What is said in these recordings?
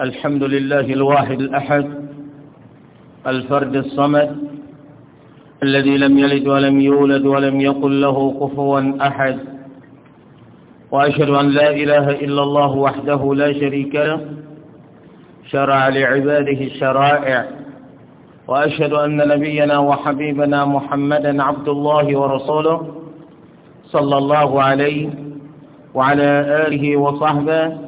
الحمد لله الواحد الأحد الفرد الصمد الذي لم يلد ولم يولد ولم يقل له كفوا أحد وأشهد أن لا إله إلا الله وحده لا شريك له شرع لعباده الشرائع وأشهد أن نبينا وحبيبنا محمدا عبد الله ورسوله صلى الله عليه وعلى آله وصحبه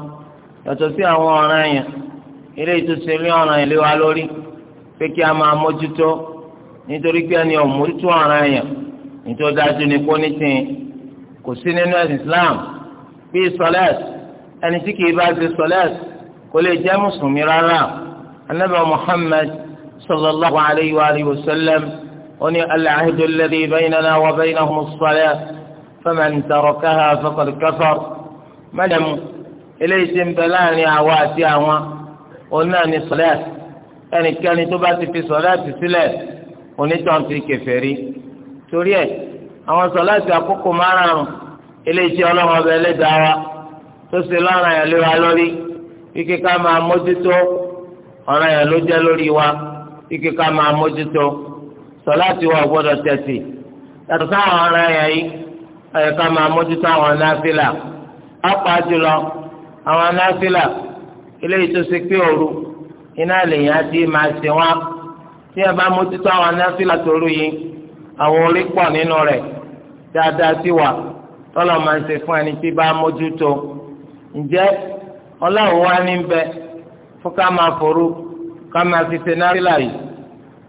yàtọ̀ sí àwọn ọ̀ràn yẹn ilé ìtúsí ní ọ̀ràn ilé wa lórí pé kí a máa mójútó nítorí pé ẹni ọ̀mójútó ọ̀ràn yẹn nítorí dájú ni kó ní tìǹ kò sí nínú ẹ̀sìn Islam bíi sọlẹ́t ẹni tí kìí bá ṣe sọlẹ́t kò lè jẹ́ mùsùlùmí rárá anabi Muhammad sallallahu alayhi wa alihi wa sallam oní alaahidu alladhi baynana wa baynahum as-salat faman tarakaha faqad kafar mẹ́lẹ̀mú eléyìí ti ń bẹ láàrin àwa àti àwọn òun náà ní sọlẹ́t ẹnikẹ́ni tó bá ti fi sọlẹ́t sílẹ̀ onítàn ti kèfèrí torí ẹ̀ àwọn sọlẹ́t àkókò márùn-ún eléyìí tí ọlọ́run ọbẹ̀ ẹlẹ́dàá wa tó ṣe lọ́ràn yẹn léwa lórí kíkẹ́ ká máa mójútó ọ̀ràn yẹn ló jẹ́ lórí wa kíkẹ́ ká máa mójútó sọlẹ́t wa ò gbọ́dọ̀ tẹ̀sí yàtọ̀ sáwọn ọ̀ràn yẹn yìí ọ̀yẹ̀ká máa mójútó àwọn náfìlà ọ̀pá jùlọ. àwọn anáfílà eléyìí tó ṣe pé òru iná lèyìn àti máa ṣe wá tí ẹ bá mójútó àwọn anáfílà tòru yìí àwọn orí pọ̀ nínú rẹ̀ dáadáa sí wa tọ́lọ̀ máa ń ṣe fún ẹni tí bá mójútó ǹjẹ́ ọlọ́run wá ní bẹ fún ká máa forú ká máa fi ṣe yìí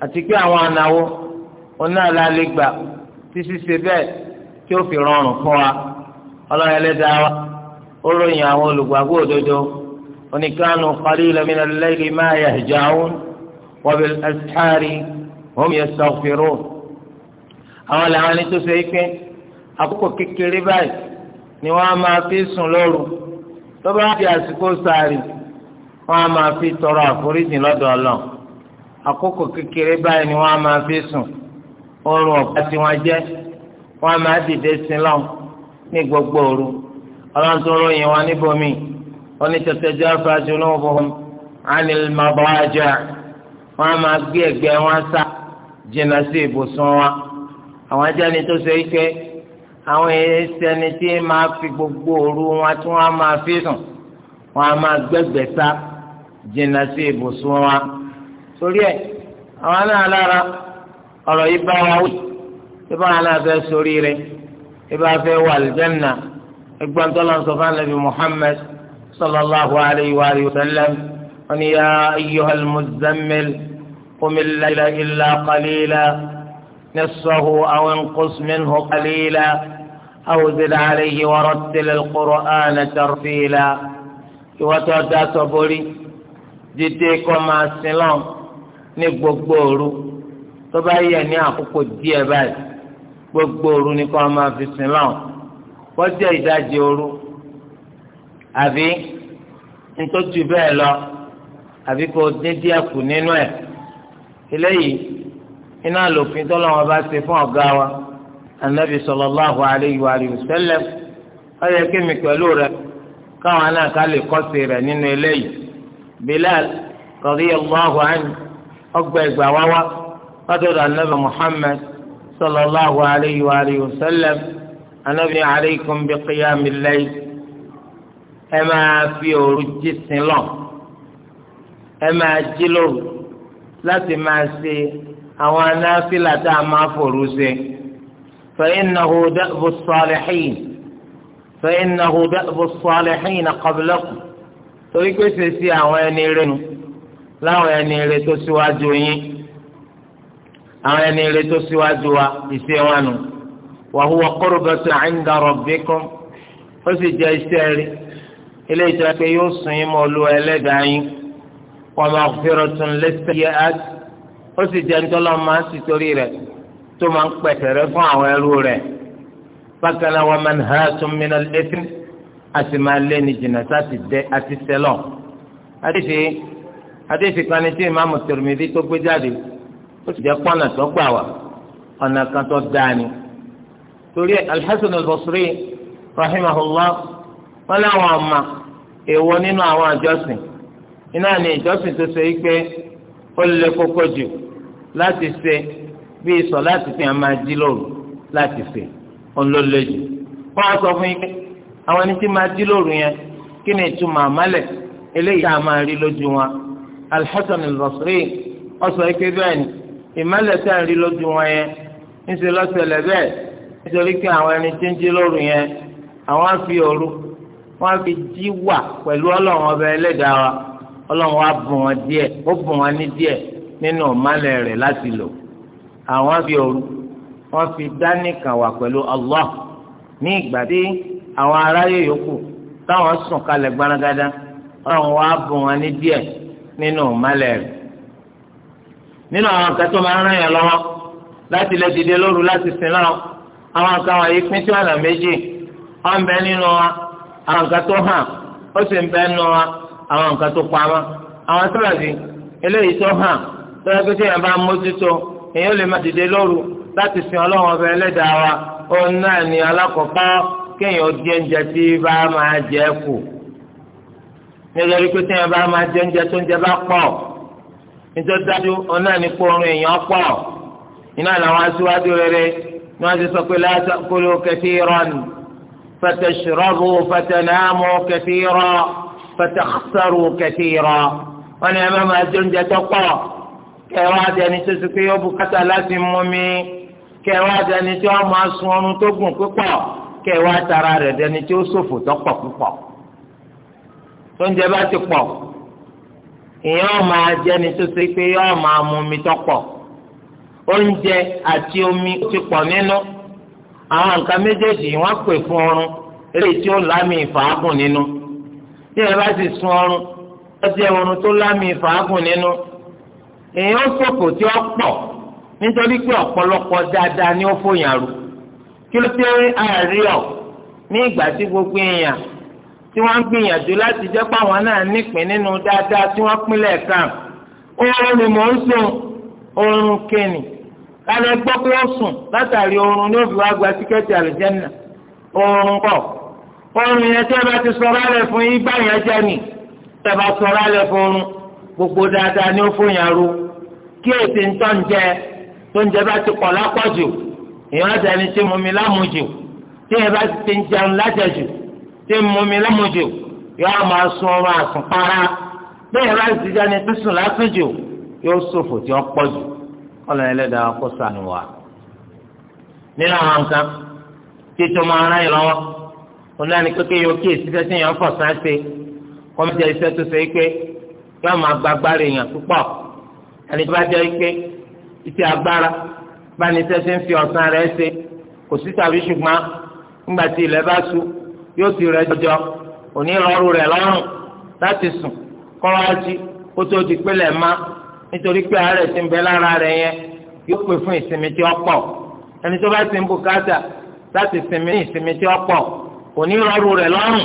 àti pé àwọn oná lálẹ́ gbà tí ó ròyìn àwọn olùgbàgbọ́ òdodo ó ní kánú qalilan min al-layli ma yahja'un wa bil-ashari hum àwọn làwọn ẹni tó ṣe é pé àkókò kékeré báyìí ni wọ́n á máa fi sùn lóru tó bá di àsìkò sààrì wọ́n á máa fi tọrọ àforíjì lọ́dọ̀ Ọlọ́run àkókò kékeré báyìí ni wọ́n á máa fi sùn oorun ọ̀pá tí wọ́n jẹ́ wọ́n á máa dìde ọlọ́ntúnrún yìí wá níbomi wọ́n ní tẹ̀tẹ̀jọ́ afájúnú ọ̀bùn ánìl mabọ́ájà wọ́n á máa gbé ẹ̀gbẹ́ wọn sá jìnnà sí ibùsùn wa àwọn ajá ni tó ṣe é pé àwọn ẹsẹni tí máa fi gbogbo òru wọn tí wọ́n máa fi sùn wọ́n á máa gbẹ́gbẹ́ sá jìnnà sí ibùsùn wa torí ẹ̀ àwọn náà lára ọ̀rọ̀ yìí bá wa wí ìbá náà fẹ́ sórí rẹ̀ ìbá fẹ́ wà lùjẹ́ náà. اقبل قال صفان النبي محمد صلى الله عليه وآله وسلم أن يا أيها المزمل قم الليل إلا قليلا نصفه أو انقص منه قليلا أو زد عليه ورتل القرآن ترتيلا يوتودا تبولي ديتيكو مع السلام ní gbogbo òru tó bá yẹ ní àkókò díẹ̀ báyìí gbogbo òru ni gbogbo oru to ba ye ni في السلام kọjá ìdajì òru àbí nítòtú bẹ́ẹ̀ lọ àbí kò dín díẹ̀ ku nínú ẹ̀ eléyìí iná lòfin tọ́lọ́wọ́n bá ṣe fún ọ̀gá wa anabi sallallahu alayhi wa sallam ó yẹ kémi pẹ̀lú káwọn náà ká lè kọ́sì nínú eléyìí bilal anabi muhammad sallallahu sallam. anabi aleikum bi qiyam al-layl ẹ máa fi òru jí sin lọ ẹ máa jí lóru láti máa ṣe àwọn anáfílà tá a máa fòru ṣe fa innahu da'bu as-salihin fa innahu da'bu as-salihin qablakum torí pé ṣe sí àwọn ẹni rẹ nu láwọn ẹni rẹ tó síwájú yín àwọn ẹni rẹ tó síwájú wa ìṣe wọn nu wa huwa qurbatun 'inda rabbikum ó sì jẹ́ iṣẹ́ rí ilé ìjọba pé yóò sùn yín mọ́ olú ẹlẹ́dàá yín wa maghfiratun lis-sayyi'at ó sì jẹ́ ńtọ́lọ́ máa ń sìtórí rẹ̀ tó máa ń pẹ̀tẹ̀rẹ̀ fún àwọn ẹrú rẹ̀ bákan náà wa manhatun minal ithm àti máa lé ní jìnnà sáti dẹ àti sẹlọ adéfì adéfì kan ní tí ìmáàmù Tirmidhi tó gbé jáde ó sì jẹ́ pọ́nà tó gbà wá ọ̀nà kan tó dáa ni torí alḥasan albasri rahimahullah wọn láwọn ọmọ èèwọ̀ nínú àwọn àjọsìn iná ní ìjọsìn tó ṣe pé ó lè kókó jù láti ṣe bí sọ láti fi àmà jí lóru láti ṣe òun ló lè jù wọn á sọ fún yín pé àwọn ẹni tí máa jí yẹn kí ni ìtumọ̀ àmàlẹ̀ eléyìí tá a máa rí lójú wọn alḥasan albasri ọsọ ike bẹ́ẹ̀ ni ìmàlẹ̀ tá a rí lójú wọn yẹn ń ṣe lọ́sẹ̀lẹ̀ bẹ́ẹ̀ nítorí pé àwọn ẹni tí ń jí lóru yẹn àwọn á fi òru wọn á fi jí wà pẹ̀lú ọlọ́run ọba ẹlẹ́dàá wa ọlọ́run wa bùn wọn díẹ̀ ó bùn wọn ní díẹ̀ nínú ọ̀málẹ̀ rẹ̀ láti lò àwọn á fi wọn fi dánìkan wà pẹ̀lú Allah ní ìgbà tí àwọn aráyé yòókù táwọn sùn kalẹ̀ gbanagada ọlọ́run wa bùn wọn ní díẹ̀ nínú ọ̀málẹ̀ rẹ̀ nínú àwọn akẹ́tọ́ máa ń ràn yàn lọ́wọ́ láti lè dìde lóru láti sin náà àwọn nǹkan wọ̀nyí pín sí ọ̀nà méjì wọ́n ń bẹ nínú wa àwọn nǹkan tó hàn ó sì ń bẹ nínú wa àwọn nǹkan tó pamọ́ àwọn sábàbí eléyìí tó hàn tó yẹ kó tí yẹn bá mójútó lè má dìde lóru láti sin ọlọ́run ọbẹ̀ ẹlẹ́dàá wa òun náà ni alákọ̀ọ́kọ́ kéèyàn di oúnjẹ tí bá máa jẹ kù nítorí pé tí yẹn bá máa jẹ ni wọ́n ti sọ pé la ta'kulu kathiran fatashrabu fatanamu kathiran fatakhsaru kathiran wọ́n ní ẹ má máa jẹ oúnjẹ tó pọ̀ kẹwàá àdẹni tó ti pé ó bùkátà láti mú mi kẹwàá àdẹni tó máa sun oorun tó gùn púpọ̀ kẹwàá tara rẹ̀ dẹni tó ṣòfò tó pọ̀ púpọ̀ bá ti pọ̀ ìyẹn ọ̀ máa tó ṣe pé yọ̀ọ̀ máa mi tó oúnjẹ àti omi ti pọ̀ nínú àwọn nǹkan méjèèjì wọ́n pè fún ọrùn eléyìí tí ó lámì ìfàágùn nínú tí ẹ bá sì sun ọrùn ó jẹ ọrùn tó lámì ìfàágùn nínú èèyàn ṣòfò tí ó pọ̀ nítorí pé ọ̀pọ̀lọpọ̀ dáadáa ni ó fòyàn rú kí ló dé àárín ní ìgbà tí gbogbo èèyàn tí wọ́n ń gbìyànjú láti jẹ́ pé náà nípìn nínú dáadáa tí wọ́n pínlẹ̀ kan oorun ni mò ń sùn oorun kéènì kálí ẹgbọ́ pé ó sùn látàrí oorun ní òbí wa gba tíkẹ́ẹ̀tì àlùjẹ́nà oorun kọ̀ oorun yẹn tí ẹ bá ti sọ̀rọ̀ alẹ́ fún yín bá yẹn jẹ́ nì tẹ́ bá sọ̀rọ̀ alẹ́ fún oorun gbogbo dáadáa ni ó fún yàn ru kí èsì ń tọ́ ń jẹ tó ń jẹ bá ti pọ̀ lápọ̀jù èèyàn àtẹni tí mumi lámujù tí ẹ bá ti ń jẹun lájẹjù tí mumi lámujù yóò máa sun ọrùn àsùnpara bẹ́ẹ̀ bá ti jẹni kọ́lọ́ ẹlẹ́dàá kó sànù wá. nínú àwọn nǹkan tí máa ó kékeré yóò kí èsì tẹ́sí yẹn fọ̀ sáà ṣe kọ́mọ́tì tó ṣe pé yóò máa gba agbára èèyàn ẹni tó bá jẹ́ pé iṣẹ́ agbára bá ní iṣẹ́ ṣe ń fi ṣe kò sí tàbí nígbà tí ilẹ̀ bá yóò ti jọjọ òní lọ́rùn láti sùn kọ́ nítorí pé àárẹ̀ ti ń bẹ lára rẹ̀ yẹn yóò pè fún ìsinmi tí ó pọ̀ ẹni tó bá ti ń bùkátà láti sinmi ní ìsinmi tí ó pọ̀ kò ní rọrùn rẹ̀ lọ́rùn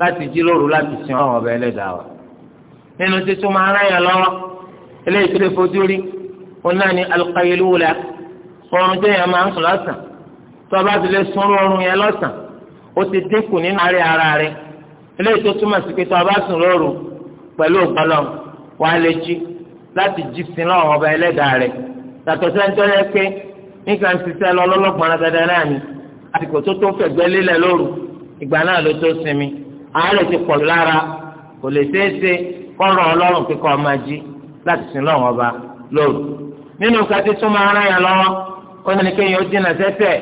láti jí lóru láti sin ọ̀rọ̀ ọ̀bẹ ẹlẹ́dàá wa nínú títún máa rán yẹn lọ́wọ́ eléyìí tó lè fojú rí òun náà ni alqaylula oorun tó yẹn máa ń sùn lọ́sàn tó o bá ti lè sùn oorun yẹn lọ́sàn ó ti dínkù nínú àárẹ̀ ara rẹ̀ eléyìí tó túmọ̀ sí pé tó o bá sùn lóru pẹ̀lú ògbọ́lọ́ wàá lè jí láti jí sin lọ́wọ́ ọba ẹlẹ́dàá rẹ̀ tàtọ̀ sẹ́ńtọ́ yẹ pé nígbà ń ṣiṣẹ́ lọ lọ́lọ́gbọ̀n dáadáa náà ni àsìkò tó tó fẹ̀gbẹ́ lélẹ̀ lóru ìgbà náà ló tó sinmi àárẹ̀ ti pọ̀ lára kò lè ṣeé ṣe kọ́rọ̀ ọlọ́run kíkọ́ ọmọ jí láti sin lọ́wọ́ ọba lóru. nínú nǹkan tí súnmọ́ ara yẹn lọ́wọ́ ó ní kéèyàn ó dínà sẹ́sẹ̀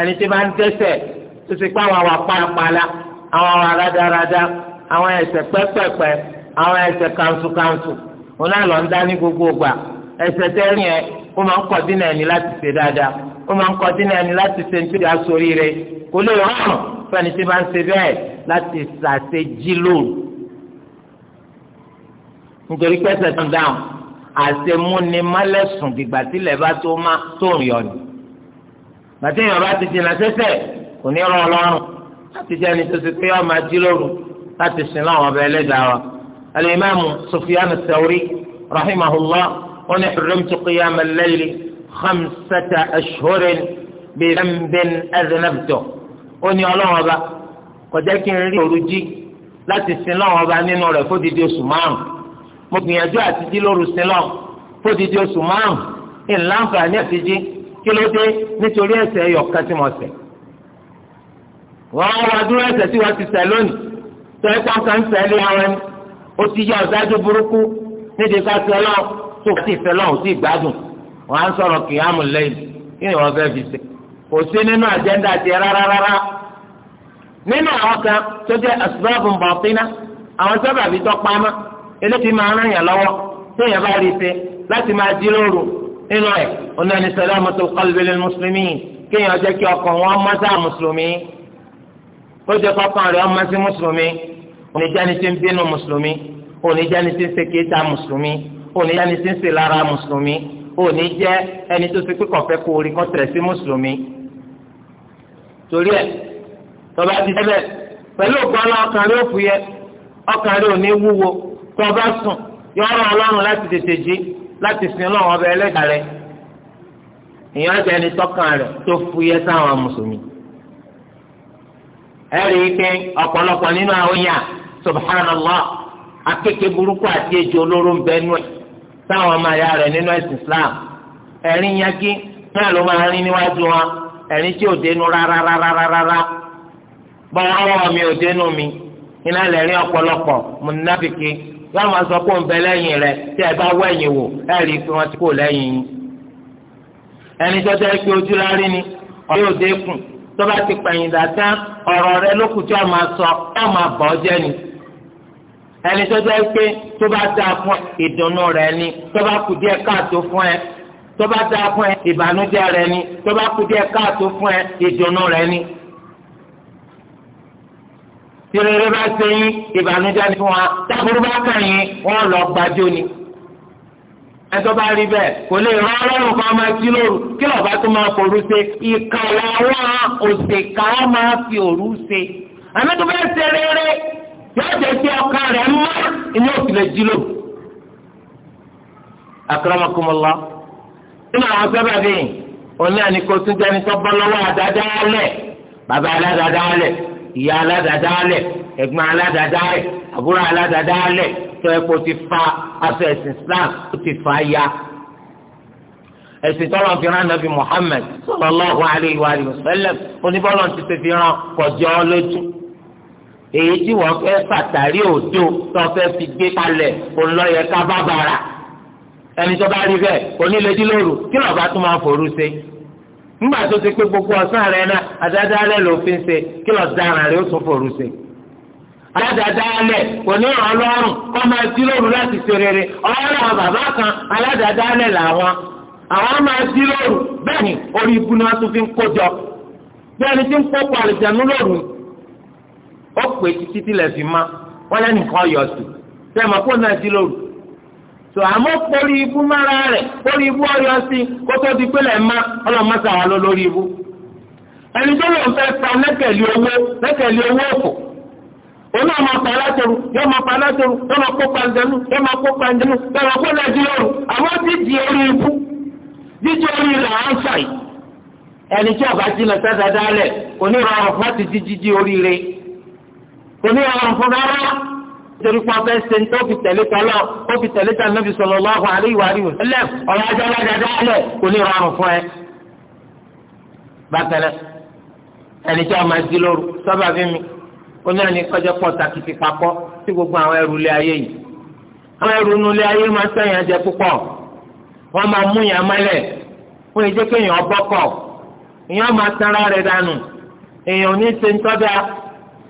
ẹni tí bá ń dẹ́sẹ̀ tó ti pé àwọn àwa pálapàla àwọn àwa rádaràda àwọn ẹ̀ṣẹ̀ pẹ́pẹ́pẹ́ àwọn ẹ̀ṣẹ̀ kanṣukanṣu wọn náà lọ ń dá ní gbogbo gbà ẹsẹ̀ tẹ́rìn ẹ̀ ó máa ń kọ́ dínà ẹni láti ṣe dáadáa ó máa ń kọ́ dínà ẹni láti ṣe nítorí asorí rẹ kò lè rọrùn fẹ́ni tí bá ń ṣe bẹ́ẹ̀ láti ṣàṣe jí lóru nítorí pẹ́sẹ̀ tó ń dáhùn àṣemúnimálẹ̀sùn dìgbà tílẹ̀ bá tó má tó ń yọ ni gbàtí èèyàn bá ti dènà sẹ́sẹ̀ kò ní rọ ọlọ́run láti jẹ́ ẹni tó ti pé ọmọ ajílóru láti sin láwọn ọba ẹlẹ́dàá wa. الإمام سفيان الثوري رحمه الله وأنا حرمت قيام الليل خمسة أشهر بذنب أذنبته وأني الله أبا قد لكن رجي لا تسلم أبا نينو رفضي دي سمان مبنياجو أتجي لورو سلام فضي دي سمان إن لانفع نفجي كيلو دي نتولي أسي يوكاتي موسي وأنا أدور أسي وأسي سالوني تأكوان كان سالي عواني ó ti yá ọ̀dájú burúkú níbi ká ti ọlọ́run tó ti fẹ́ lọ́run sí ìgbádùn wọn á ń sọ̀rọ̀ kìyàmù lẹ́yìn kí ni wọ́n fẹ́ fi ṣe kò sí nínú àjẹ́ńdà tiẹ̀ rárá rárá nínú àwọn kan tó jẹ́ asbabun batina àwọn sábàbí tó pamọ́ eléyìí máa ràn yàn lọ́wọ́ tó yẹn bá rí i ṣe láti máa jí lóru nínú ẹ̀ onáni salamatul qalbi lil muslimin kéèyàn jẹ́ kí ọkàn wọn mọ́ mùsùlùmí ó jẹ́ kọ́kàn rẹ̀ ọmọ sí mùsùlùmí onídjáni ti ń bínú mùsùlùmí onídjáni ti ń ṣe kéta mùsùlùmí onídjáni ti ń ṣe lára mùsùlùmí òní jẹ́ ẹni tó ti pín kọ̀fẹ́ kó orí kan tẹ̀ sí mùsùlùmí torí ẹ̀ tọba ti dẹ́bẹ̀ pẹ̀lú ògbọ́nà ọkàn rẹ̀ òfúyẹ́ ọkàn rẹ̀ òní wúwo tọba sùn yọ ọ̀rọ̀ ọlọ́run láti tètè jí láti sin ọlọ́run ọbẹ̀ ẹlẹ́dàá rẹ̀ èèyàn jẹ́ ẹni tọ́kàn rẹ̀ tó fúyẹ́ sáwọn mùsùlùmí ẹ̀rí pé ọ̀pọ̀lọpọ̀ nínú àwọn yàn subhanallah akéke burúkú àti ejò olóró ń bẹ nú ẹ táwọn ọmọ ayá rẹ nínú ẹsìn islam ẹ̀rín yagi náà ló máa rin níwájú wọn ẹ̀rín tí ò dénú rárárárárá bọ́wọ́wọ́ mi ò dénú mi iná lẹ́rìn ọ̀pọ̀lọpọ̀ múnábìkì yóò máa sọ ń bẹ lẹ́yìn rẹ tí ẹ bá wẹ̀yìn wò ẹ rí i pé wọ́n ti kó lẹ́yìn yín ẹni tó jẹ́ pé ojú lárí ni ọ̀rẹ́ òde kù tó bá ti pẹ̀yìn dàtá ọ̀rọ̀ rẹ lókùtì ọ̀ máa sọ ọ̀ máa bọ̀ ọ́ jẹ́ ni ẹni tó jẹ́ pé tó bá dáa fún ìdùnnú rẹ ni tó bá kù díẹ̀ káàtó fún ẹ tó bá dáa fún ẹ ìbànújẹ́ rẹ ni tó bá kù díẹ̀ káàtó fún ẹ ìdùnnú rẹ ni tìrẹrẹ bá ṣe yín ìbànújẹ́ ni fún wa táàbùrú bá kàn yín wọn lọ gbàjọ ni ẹjọ́ bá rí bẹ́ẹ̀ kò lè rán ọlọ́run kan máa jí lóru kí lọ́ba tó máa forú ṣe ìkàlà wọn òṣèkà máa fi òru ṣe àmì yóò jẹ́ kí ọkàn rẹ̀ mọ́ inú òfìlẹ̀ jílò. akramakumullah nínú àwọn sábà bí òní àníkó tún jẹ́ ní tọ́gbọ́n lọ́wọ́ àdádáálẹ̀ bàbá aládàádáálẹ̀ ìyá aládàádáálẹ̀ ẹ̀gbọ́n aládàádáálẹ̀ àbúrò aládàádáálẹ̀ tó ẹ̀kọ́ ti fa aṣọ ẹ̀sìn Islam ó ti fa ya ẹ̀sìn tọ́lọ̀ fi rán nàbì Muhammad sallallahu alayhi wa sallam oníbọ́lọ̀ ti ṣe fi rán lójú. èyí tí wọ́n fẹ́ fàtàrí òjò tó fẹ fi gbé kalẹ̀ ònlọ́yẹ ká ẹni tó bá rí bẹ́ẹ̀ onílẹ̀dí lóru kí bá tún máa forú ṣe nígbà tó ti pé gbogbo ọ̀sán rẹ̀ náà àdádálẹ̀ ló fi ṣe kí lọ́ọ́ dára rẹ̀ ó tún forú ṣe aládàádáálẹ̀ kò máa lóru láti ṣe rere bàbá kan làwọn àwọn máa lóru ó pè títí tí lè fi má wọn lẹ́nu kan yọ̀ sí tẹ́ ẹ̀ kó náà sí lóru tò àmọ́ kórì ibú mára rẹ̀ kórì ibú ọyọ sí kó tó di pé lè má ọlọ́mọ sàwọn lórí ibú ẹni tó lọ fẹ́ pa lẹ́kẹ̀lé owó lẹ́kẹ̀lé owó pa pa kó panjẹnu kó panjẹnu kò ní ọrùn fún rárá torí pé ọfẹ ṣe tó fi tẹ̀lé tọ́lọ̀ ó fi tẹ̀lé tà nàbì sallallahu alaihi wa alihi wasallam ọ̀rọ̀ ajá alájà dálẹ̀ kò ní ọrùn fún ẹ. bákan ẹni tí a máa di lóru sábà fi mi ó náà ní kọjá pọ̀ takìtì papọ̀ sí gbogbo àwọn ẹrù ilé ayé yìí. àwọn ẹrù inú ilé ayé máa sẹ́yìn ajẹ púpọ̀ wọ́n máa mú yàn mọ́lẹ̀ fún ìjẹ́kẹ́yìn ọbọ̀kọ̀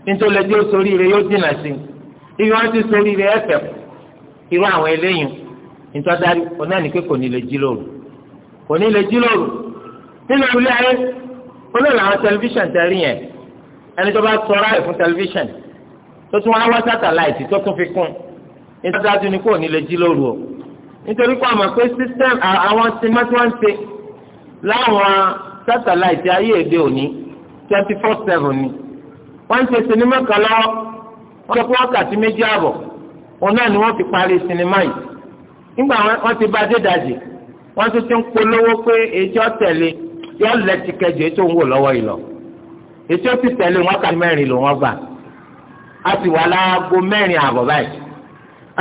nítorí tí ó sórí rẹ yóò dínà sí ibi wọn ti sórí rẹ ẹfẹ irú àwọn eléyìí nítorí onáà ní pé kò ní lè jí lóru kò ní lè jí lóru nínú ilé ayé olóòlù àwọn tẹlifíṣàn tẹrí yẹn ẹni tó bá sọra ẹ fún tẹlifíṣàn tó tún wá wá sátáláìtì tó tún fi kún nítorí dájú ni kò ní lè jí lóru o nítorí kó àmọ̀ pé sísẹ́m àwọn sinimá tí wọ́n ń ṣe láwọn sátáláìtì ayé èdè òní twenty four seven ni wọ́n ń ṣe sinimá kan lọ́wọ́ wọ́n sọ pé wákàtí méjì ààbọ̀ òun náà ni wọ́n fi parí sinimá yìí nígbà wọ́n ti bá dédàjì wọ́n tún ti ń polówó pé èyí ọ̀tẹ̀lé yọ lẹ́tì kẹjọ èyí tó ń wò lọ́wọ́ yìí lọ èyí ó ti tẹ̀lé wákàtí mẹ́rin ló wọ́n gbà a sì wà láago mẹ́rin ààbọ̀ báyìí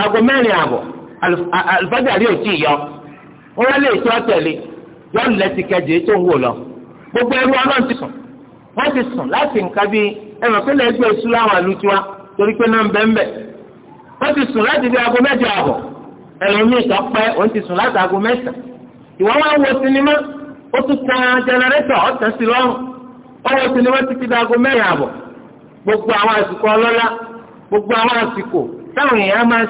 aago mẹ́rin ààbọ̀ alùpàdàrí ò tí yọ wọ́n lé èyí ọ̀tẹ̀lé yọ lẹ́tì kẹjọ èyí wò lọ gbogbo ẹrú ọlọ́run ti sùn wọ́n ti sùn láti nǹkan bíi ẹ̀rọ pẹ̀lẹ́ wa torí pé náà ń bẹ́ ń bẹ̀ wọ́n ti sùn láti bí aago mẹ́jọ àbọ̀ ẹlòmíì tó pẹ́ òun ti sùn láti aago mẹ́sàn ìwọ́n wá wo sinimá ó tún tan jẹnẹrétọ̀ ọ̀tẹ̀ sí lọ́rùn gbogbo àwọn àsìkò ọlọ́lá gbogbo àwọn àsìkò táwọn èèyàn máa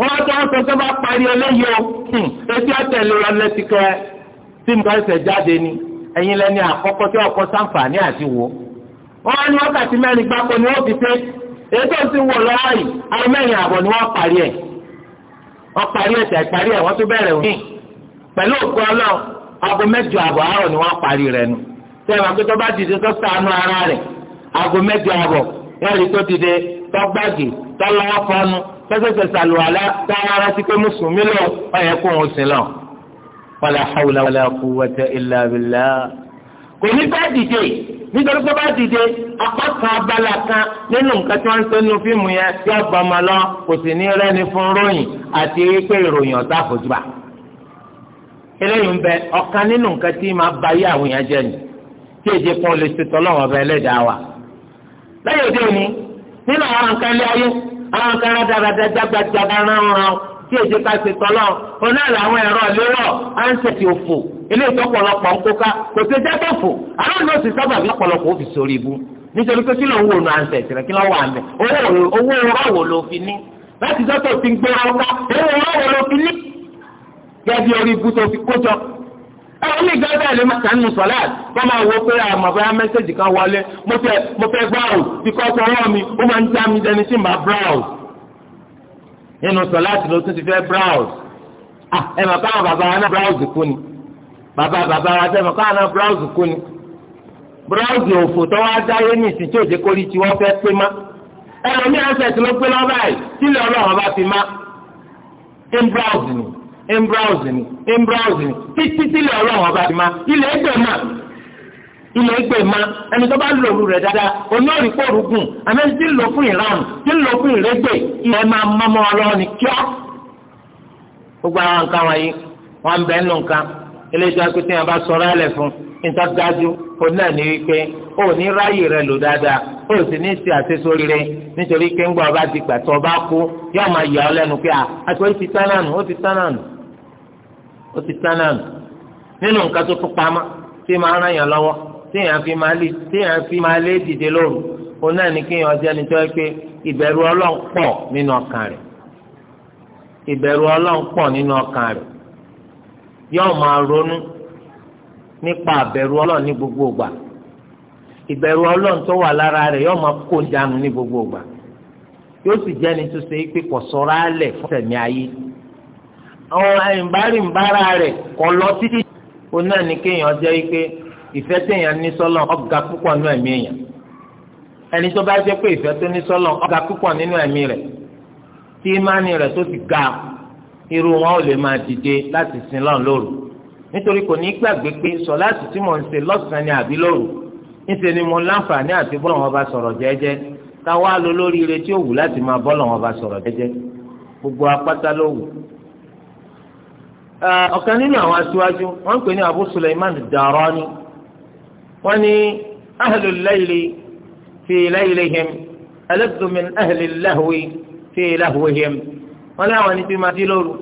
wọ́n á tó wọ́n sọ parí eléyìí o hmm. etí ọ̀tẹ̀ lóra lẹ́tìkẹ́ tí nǹkan ẹsẹ̀ jáde ni ẹ̀yin lẹ́ni àkọ́kọ́ tí sáǹfààní àti wò wọ́n ní wákàtí mẹ́rin gbáko ni wọ́n fi èyí tó ń ti lọ́wọ́ yìí àwọn mẹ́rin àbọ̀ ni wọ́n parí ẹ̀ wọ́n parí ẹ̀ tẹ̀ parí ẹ̀ wọ́n bẹ̀rẹ̀ pẹ̀lú òkú ọlọ́run aago mẹ́jọ àbọ̀ àárọ̀ ni wọ́n parí tọ́sẹ̀sẹ̀ sàlùwàlá tààrà sí pé mùsùlùmí lọ ọ̀yẹ́ kó wọn sí lọ. wàlá hàwùlà wàlá quwwata illa billah. kò ní bá dìde nítorí pé bá dìde apá kan abala kan nínú nǹkan tí wọ́n ń sọ fíìmù yẹn tí wọ́n bá ọmọ lọ kò sì ní rẹ́ni fún ròyìn àti pé ìròyìn ọ̀tá àfojúbà. eléyìí ń bẹ ọ̀kan nínú nǹkan tí máa ba yé àwọn èèyàn jẹ́ ni tí èdè kan lè ṣètò ọlọ́wọ́n ọba ẹlẹ́dàá wa. lẹ́yìn òde òní nínú àwọn nǹkan ilé ayé àwọn kan dáradá jágbajàgbà ránran tí èdè ká ṣe tọ́lọ́ òun náà làwọn ẹ̀rọ lérò ánsẹ̀tì òfò ilé ìtọ́pọ̀lọpọ̀ ń kóká kò ṣe jẹ́ tó fò àwọn náà sì sábà bí ọ̀pọ̀lọpọ̀ òfì sórí ibú nítorí pé kí ló ń wò nu ánsẹ̀tì rẹ kí ló wà mẹ owó ọ̀wọ̀ ló fi ní láti dọ́tò ti ń gbé ọ̀ká owó ọ̀wọ̀ ló fi ní gẹ́gẹ́ bí orí ibú tó fi kó jọ àwọn ní ìgbà bẹ́ẹ̀ lè má sàn nù sọ̀lá kọ́ máa wo pé àmọ̀bá mẹ́sẹ̀jì kan wọlé mo fẹ́ mo fẹ́ gbáwò bíkọ́sì ọwọ́ mi ó máa ń já mi dẹni tí màá browse nínú sọ̀lá tí ló tún ti fẹ́ browse ah ẹ mọ̀ káwọn bàbá wa náà browse kú ni bàbá bàbá wa sẹ́mọ̀ káwọn náà browse kú ni browse òfò tó wá dáyé ní ìsìn tí òjé kórìí tí wọ́n fẹ́ pé má ẹ̀rọ ní embrouse ni embrouse ni títí tílé ọlọ́run ọba ti ma ilé ẹgbẹ́ ma ilé ẹgbẹ́ ma ẹni tó bá lòlù rẹ̀ dáadáa oní tí ń lò fún ìranù tí ń lò fún ìrẹ́gbẹ́ ilẹ̀ máa mọ́mọ́ ọlọ́run ni kíá. gbogbo àwọn nǹkan wọ̀nyí ń nǹkan yẹn bá fún òun náà ní wípé ó ní ráàyè ọba ti gbà tó ọba kú ọ lẹ́nu pé à ó ti tán náà nínú nǹkan tó tún pamọ́ tí máa ràn yàn lọ́wọ́ tí yàn fi máa lé tí fi máa lé dìde lóru náà ní jẹ́ tó yẹ pé ìbẹ̀rù Ọlọ́run pọ̀ nínú ọkàn rẹ̀ ìbẹ̀rù Ọlọ́run pọ̀ nínú ọkàn rẹ̀ wà lára rẹ̀ yóò máa kó ní gbogbo yóò sì jẹ́ tó ṣe é pé kò àwọn àyìnbárìnbára rẹ̀ kọ́ lọ títí. ó náà ní kéèyàn jẹ́ pé ìfẹ́ téèyàn ní sọ́lọ̀ ọ̀gá púpọ̀ nínú ẹ̀mí èèyàn ẹni tó bá jẹ́ pé ìfẹ́ tó ní sọ́lọ̀ ọ̀gá púpọ̀ nínú ẹ̀mí rẹ̀ tí ìmánì rẹ̀ tó ti ga irú wọn ò lè máa dìde láti sin lọ́n lóru nítorí kò ní gbàgbé pé sọ̀láàtì tí mò ń ṣe lọ́sàn-án ni àbí lóru ni mo láǹfààní àti bá sọ̀rọ̀ jẹ́jẹ́ táwa lo tí wù láti máa bá sọ̀rọ̀ jẹ́jẹ́ gbogbo ló wù ọ̀kan nínú àwọn aṣíwájú wọ́n ń pè ní abu suleiman darani wọ́n ní ahlu layli fi laylihim aladdu min ahli lahwi fi lahwihim wọ́n láwọn ní bí máa di lóru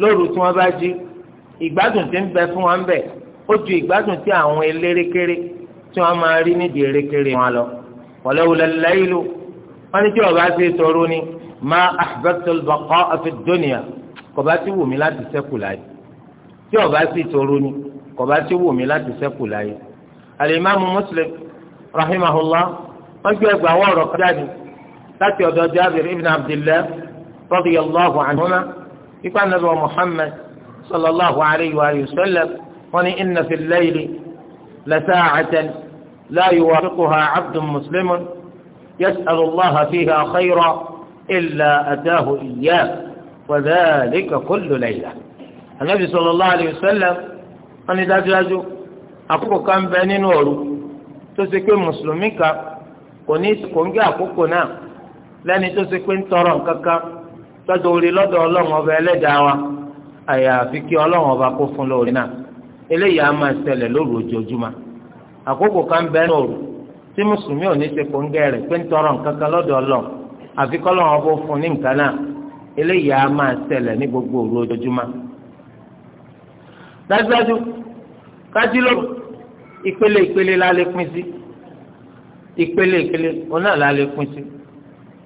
lóru tí wọ́n bá jí ìgbádùn tí ń bẹ fún wọn bẹ̀ ó ju ìgbádùn tí àwọn elérekere tí wọ́n máa rí nídìí erékeré wọn lọ wọléwulẹ lẹ́yìn wọ́n ní tí wọ́n ṣe tọrọ ni ma ahbabtu al-baqa kọba ti wù mí láti sẹ́kù láyé tí ọba sì toro ni kọba ti wù mí láti sẹ́kù láyé. alimami muslim rahimahullah wọn gbé ẹgbàá wọ̀rọ̀ kájáde láti ọ̀dọ̀ jabir ibn abdillah radiyallahu anhuma ipa nabi wa muhammad sallallahu alayhi wa sallam wọn ni inna fi layli lasaacatan la yuwafiquha cabdun muslimun yas'alu allaha fiha khayra illa ataahu iyyah. وذلك كل ليلة النبي صلى الله عليه وسلم أن dájúdájú àkókò kan bẹ nínú òru tó ṣe pé mùsùlùmí kan kò ní kò ń gé àkókò náà lẹ́ni tó ṣe pé ń tọrọ tọ́jú orí lọ́dọ̀ ọlọ́run ọba ẹlẹ́dàá wa àyàfi kí ọlọ́run ọba kó fún lórí náà eléyìí á máa ṣẹlẹ̀ lóru ojoojúmọ́ àkókò kan bẹ nínú òru tí mùsùlùmí ò ní ṣe kò ń gé pé ń tọrọ lọ́dọ̀ ọlọ́run eléyìí á máa ṣẹlẹ̀ ní gbogbo òru ojoojúmọ́. dájúdájú kájílò ìpele ìpele la lè pín sí ìpele ìpele òun náà la lè pín sí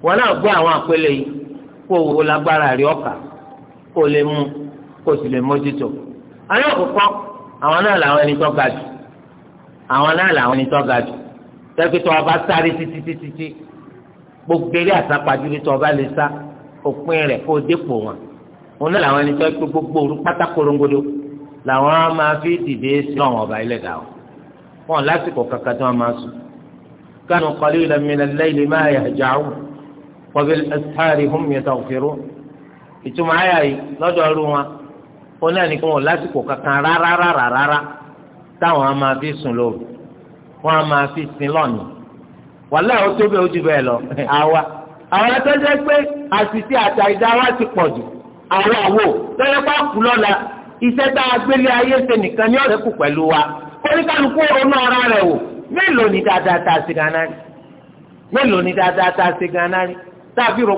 wọn náà gbọ́ àwọn àpele yìí kó wo lágbára rí ọkà kó lè mú kó sì lè mójútó àwọn àkọ́kọ́ àwọn náà làwọn ẹni tó ga jù àwọn náà làwọn ẹni tó ga jù tẹ́kítọ́ ọba sáré títí títí gbogbo eré àsápajúlé tó ọba lè sá. òpin rẹ kó o dépò wọn òun làwọn ẹni tó gbogbo òru pátákórongodo làwọn máa fi dìde sí ọ̀hún ọba ilẹ̀ o wọn lásìkò kankan tí wọn máa sùn kánú qalilan minal ma yahja'un wa bil ashari hum yastaghfirun ìtumọ̀ ayà yìí lọ́dọ̀ ọdún wọn ó náà ní kí wọn lásìkò kankan rárá rárá rárá táwọn máa fi sùn lóru wọn máa fi sin lọ́nà wàlẹ́ bẹ́ẹ̀ lọ àwa. àwọn tó jẹ́ pé àṣìṣe àti àìdá wa ti pọ̀ jù àwọn àwò tó yẹ kú lọ́la iṣẹ́ tá a gbélé ayé ṣe nìkan ní wa oníkàlùkù ronú ara rẹ̀ wò mélòó ni dáadáa ta a ṣe gan náà rí mélòó ni dáadáa tàbí lọ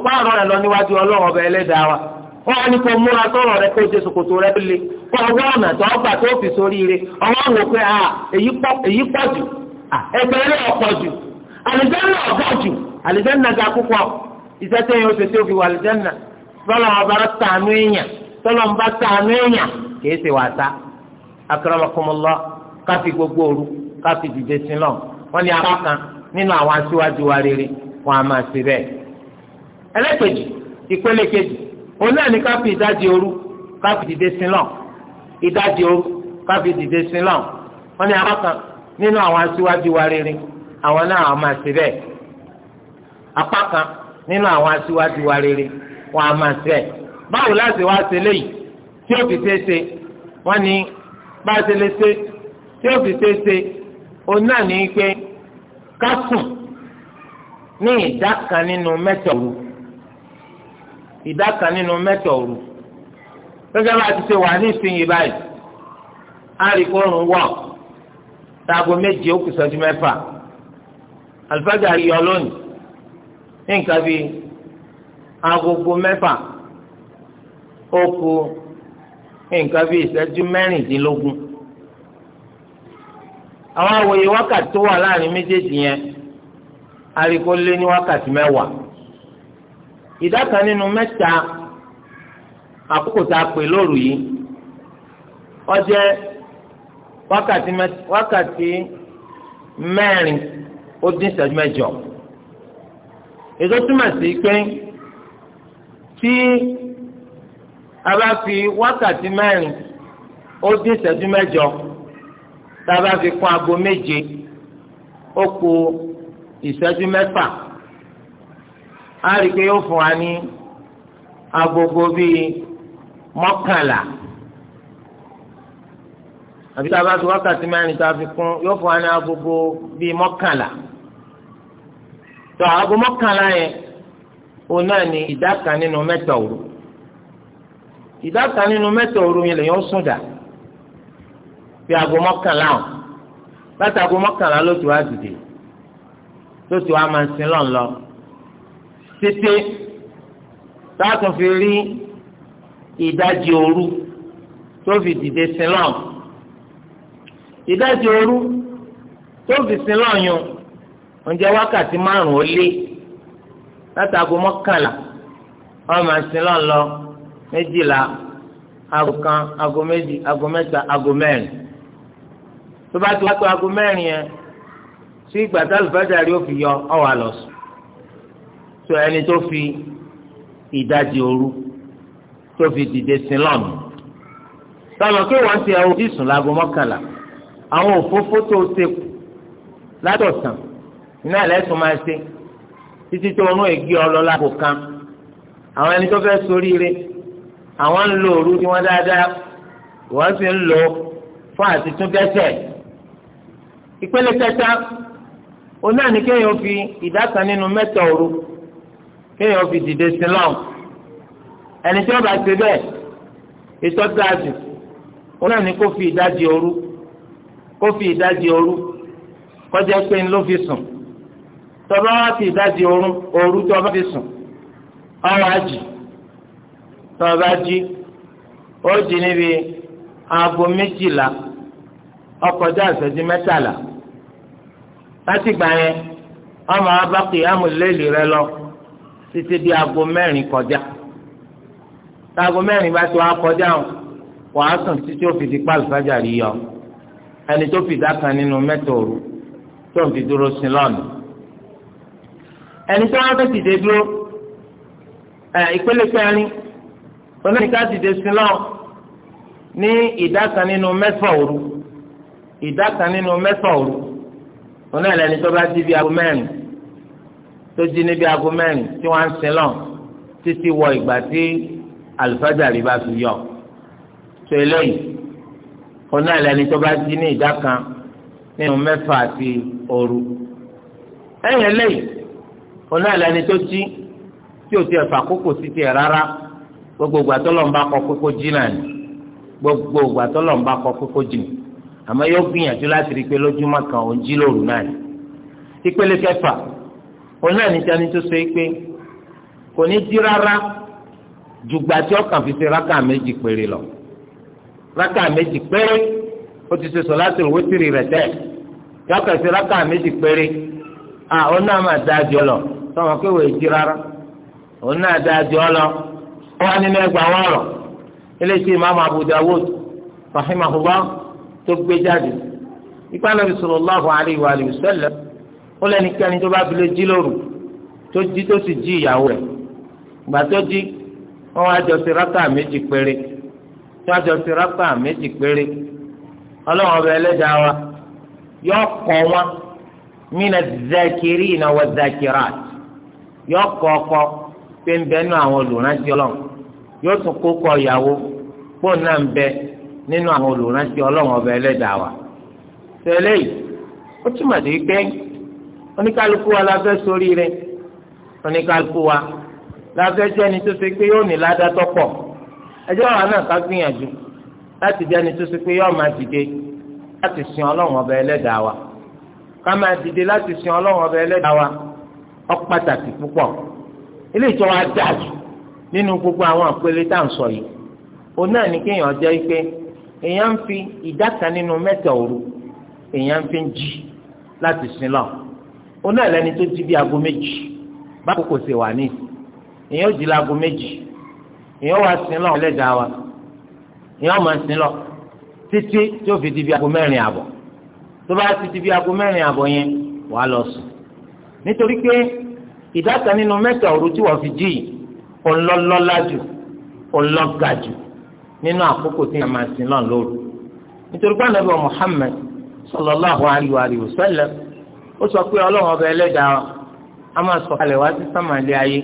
níwájú ọlọ́run ọba ẹlẹ́dàá wa wọ́n ní múra sọ̀rọ̀ rẹ rẹ lé kó ọwọ́ rẹ ọwọ́ pé èyí pọ̀ jù ẹgbẹ́ iṣẹ́ tẹ̀yìn oṣù tí o fi wà lìjẹ́nà tọ́lọ̀ ọba tànú èèyàn tọ́lọ̀ ń bá èèyàn kìí ṣe gbogbo òru dìde sí náà apá kan nínú àwọn aṣíwájú wa rere wọ́n á máa ṣe bẹ́ẹ̀. ẹlẹ́kejì ìpele kejì òun náà ní káfi ìdajì òru káfi dìde sí náà ìdajì òru káfi dìde sí náà apá kan nínú àwọn aṣíwájú wa rere àwọn náà máa ṣe apá nínú àwọn aṣíwájú wa rere wọn a máa ṣe báwo láti wá ṣe léyìí tí ó fi ṣeéṣe wọn ni bá a ṣe lè ṣe tí ó fi ṣeéṣe òun náà ní pé ká sùn ní ìdá kan nínú mẹ́ta òru ìdá kan nínú mẹ́ta òru gẹ́gẹ́ bá a ti ṣe wà ní ìsinyìí báyìí a rí kó wọ̀ táago méje ó kù sọ́jú mẹ́fà àlùfáàgà yọ lónìí ní nǹkan bíi agogo mẹ́fà ó kù nǹkan bíi ìṣẹ́jú mẹ́rìndínlógún àwọn awòye wákàtí tó wà láàrin méjèèjì yẹn àríkó lé ní wákàtí mẹ́wàá ìdá kan nínú mẹ́ta àkókò tá a pè lóru yìí ó wákàtí mẹ́rin ó dín ìṣẹ́jú mẹ́jọ èso túmọ̀ sí pé tí a bá fi wákàtí mẹ́rin ó dín ìṣẹ́jú mẹ́jọ tá a bá fi kún aago méje ó kù ìṣẹ́jú mẹ́fà á rí i pé ó fún wa ní agogo bíi mọ́kànlá àbí tá a bá fi wákàtí mẹ́rin tá a fi kún yóò fún wa ní agogo bíi mọ́kànlá tó aago mọ́kànlá yẹn òun náà ni ìdá kan nínú mẹ́ta òru ìdá kan nínú mẹ́ta òru yẹn lèyàn sùn dà bí aago mọ́kànlá ọ̀ láti aago mọ́kànlá ló ti wá dìde tó ti wá máa sin lọ́nlọ́ títí táàtún fi rí ìdajì òru tó fi dìde sin lọ́n ìdajì òru tó fi sin lọ́n oúnjẹ wákàtí márùn ó lé látàgò mọ́kànlá wọ́n máa sin lọ́n lọ méjìlá aago kan aago méjì aago mẹ́ta aago mẹ́rin tó bá ti wá tó aago mẹ́rin yẹn tí ìgbà tá àlùfáàjà rí ó fi yọ ọ wà lọ sùn tó ẹni tó fi ìdajì òru tó fi dìde sin lọ́n mi kí wọ́n ti ẹ̀ ojú sùn láago mọ́kànlá àwọn òfófó tó ṣe látọ̀sán iná ẹlẹ́sùn máa ṣe títí tó ọrùn ègé ọlọ́lá kò kan àwọn ẹni tó fẹ́ soríire àwọn ń lo òru tí wọ́n dáadáa wọ́n sì ń lo fún àtitún dẹ́ṣẹ̀ ìpele kẹta oní àní kéèyàn fi ìdá kan nínú mẹ́ta òru kéèyàn fi dìde sí lọ́wọ́ ẹni tí wọ́n bá ṣe bẹ́ẹ̀ ìtọ́jú àjù wọn náà ní kó fi ìdajì òru kó fi ìdajì òru kọjá pé ń ló fi sùn tọba wá sí ìdájí oorun ooru tí ọba fi sùn ọrọ ajì tọba jí ó jí níbi aago méjìlá ọkọjá ìṣẹ́jú mẹ́tàlá láti gbà yẹn ọmọ abákì amúlélì rẹ lọ títí di aago mẹ́rin kọjá táago mẹ́rin bá ti wá kọjá o wàá sùn títí ó fi di pàlùfájà rí yọ ẹni tó fi dákan nínú mẹ́tòrú tó ń fi dúró sí lọ́nà ẹni tí wọ́n fẹ́ dìde dúró ìpele kẹrin oníkà dìde sí lọ ní ìdá kan nínú mẹ́fà òru ìdá kan nínú mẹ́fà òru onílẹ̀ni tó bá di bí aago mẹ́rin tó di níbi aago mẹ́rin tí wọ́n ń sin lọ títí wọ ìgbà tí àlùfájàrí bá fi yọ tó eléyìí onílẹ̀ni tó bá di ní ìdá kan nínú mẹ́fà àti òru ẹ̀yìn eléyìí oná ìlànà tó jí tí ò ti ẹ̀fà kókò sí tiẹ̀ rárá gbogbo ìgbà tó lọ́nba kọ kókó jí náà ni gbogbo ìgbà tó lọ́nba kọ kókó jí ni àmọ́ yóò gbìyànjú láti rí i pé lójúmọ́ kan òun jí lóru náà ni ìpele kẹfà oná ìníjàni tó ṣe é pé kò ní jí rárá jùgbà tí ọkàn fi ṣe rákà méjì péré lọ rákà méjì péré ó ti ṣe sọ̀látul wítìrì rẹ̀ tẹ́ yọkàn ṣe rákà méjì péré à ó máa dáa lọ sọmọ pé wòye jí rárá òun náà dáa jù ọ lọ ó wà nínú ẹgbàá wọn rọ eléyìí imaamu abu dawud rahimahullah tó gbé jáde ipa nàbì sallallahu alayhi wa alihi wa sallam ó lẹ́nikẹ́ni tó bá fi jí lóru tó jí tó sì jí ìyàwó rẹ̀ gbà tó jí wọ́n wá jọ sí rákà méjì péré tí wọ́n jọ sí rákà méjì péré ọlọ́run ọba ẹlẹ́dàá wa yọ ọkọ̀ wọn mina zakirina wa zakirat yọ kọ ọkọ pé ń bẹ nínú àwọn olùrántí ọlọ́run yóò tún kó kọ ìyàwó fóònù náà ń bẹ nínú àwọn olùrántí ọba ẹlẹ́dàá wa. tẹ́lẹ̀ yìí ó túmọ̀ sí pé oníkálukú wa la fẹ́ sórí rẹ̀ oníkálukú wa la fẹ́ jẹ́ni tó ṣe pé yóò ní pọ̀ ẹjọ́ wa náà ká gbìyànjú láti tó ṣe pé yóò máa dìde láti sin ọlọ́run ẹlẹ́dàá wa ká máa dìde láti sin ọlọ́run ẹlẹ́dàá wa. ọpàtàkì púpọ̀ ilé ìjọba dájú nínú gbogbo àwọn àpẹẹrẹ tá à ń sọ yìí òun náà ní kéèyàn jẹ́ pé èèyàn ń fi ìdá kan nínú mẹ́ta òru èèyàn ń fi ń jí láti sin lọ òun náà lẹni tó jí bí aago méjì báwo kò ṣe wà ní èèyàn ò jí láago méjì èèyàn wá sin lọ ẹlẹ́dàá wa èèyàn máa sin lọ títí tí fi di bí aago mẹ́rin àbọ̀ tó bá ti di bí aago mẹ́rin àbọ̀ yẹn wàá lọ sùn nítorí pé ìdáta nínú mẹ́ta òru tí wọ́n fi jí yìí ọlọ́lọ́lá jù ọlọ́gà jù nínú àkókò tí a máa sin lọ́n lóru nítorí pé Ànábì Muhammad sallallahu alayhi wa sallam ó sọ pé ọlọ́run ọba ẹlẹ́dàá a máa sọ kalẹ̀ wá sí sàmàlẹ́ ayé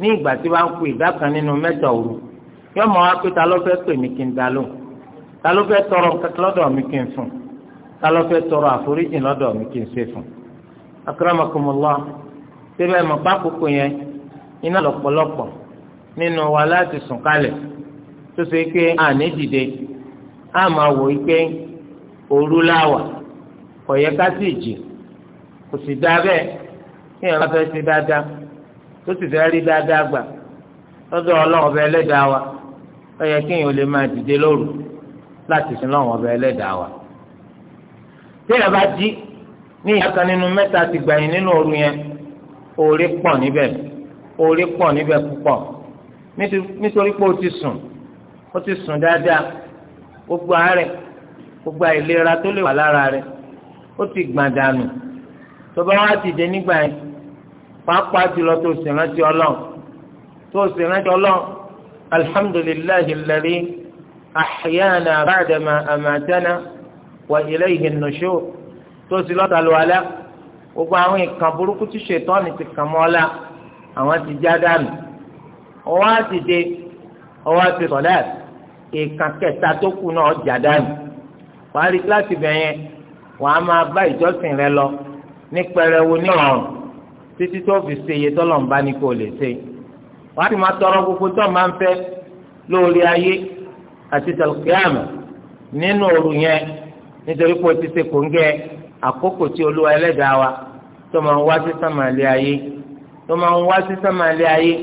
ní ìgbà tí wọ́n á kó ìdá kan nínú mẹ́ta òru yóò mọ̀ wá pé ta ló fẹ́ pè mí kí n dá lóhùn ta ló fẹ́ tọrọ lọ́dọ̀ mi kí n fún ta ló fẹ́ tọrọ àforíjì lọ́dọ̀ mi kí n ṣe fún akramakumullah síbẹ̀ mọ̀ pákókó yẹn iná lọ́pọ̀lọpọ̀ nínú wa láti sùn kalẹ̀ tó ṣe pé àní dìde á máa wò ó pé òru láwà kò yẹ ká sì jì kò sì dá bẹ́ẹ̀ kí èèyàn bá fẹ́ ṣe dáadáa tó sì fẹ́ rí dáadáa gbà lọ́dọ̀ ọlọ́run ọba ẹlẹ́dàá wa ó yẹ kí èèyàn lè máa dìde lóru láti sin lọ́run ọba ẹlẹ́dàá wa. tí èèyàn bá jí ní ìyá kan nínú mẹ́ta ti gbẹ̀yìn nínú òru yẹn oore pọ̀ níbẹ̀ oore pọ̀ níbẹ̀ púpọ̀ nítorí pé o ti sùn o ti sùn dáadáa gbogbo àárẹ̀ gbogbo àìlera tó lè wà lára rẹ̀ ó ti gbọ̀n dànù tó bá wá ti dé nígbà yẹn pàápàá jùlọ tó sì rántí ọlọ́run tó sì rántí ọlọ́run alhamdulillahi alladhi ahyana ba'da ma amatana wa ilayhi an tó sì lọ́ta lu alẹ́ gbogbo àwọn ìkàn burúkú tí ṣètọ́ni ti kàn mọ́ ọ́lá àwọn ti já dànù ọwọ́ àtìdé ọwọ́ àti sọ̀lẹ́ ìkàn kẹta tó kù náà já dànù wàá rí kíláàsì bẹ̀yẹn wàá máa bá ìjọsìn rẹ lọ ní pẹrẹwu ní ọrùn títí tó fi ṣe iye tọ́lọ̀ ń bá kò lè ṣe wàá ti máa tọrọ gbogbo tó máa ń fẹ́ lórí ayé àti tẹlifíàmù nínú òru yẹn nítorí pé o ti ṣe kòńgẹ́ àkókò tí olúwa ẹlẹ́dàá wa tó máa ń wá sí sàmàlẹ́ ayé tó máa ń wá sí sàmàlẹ́ ayé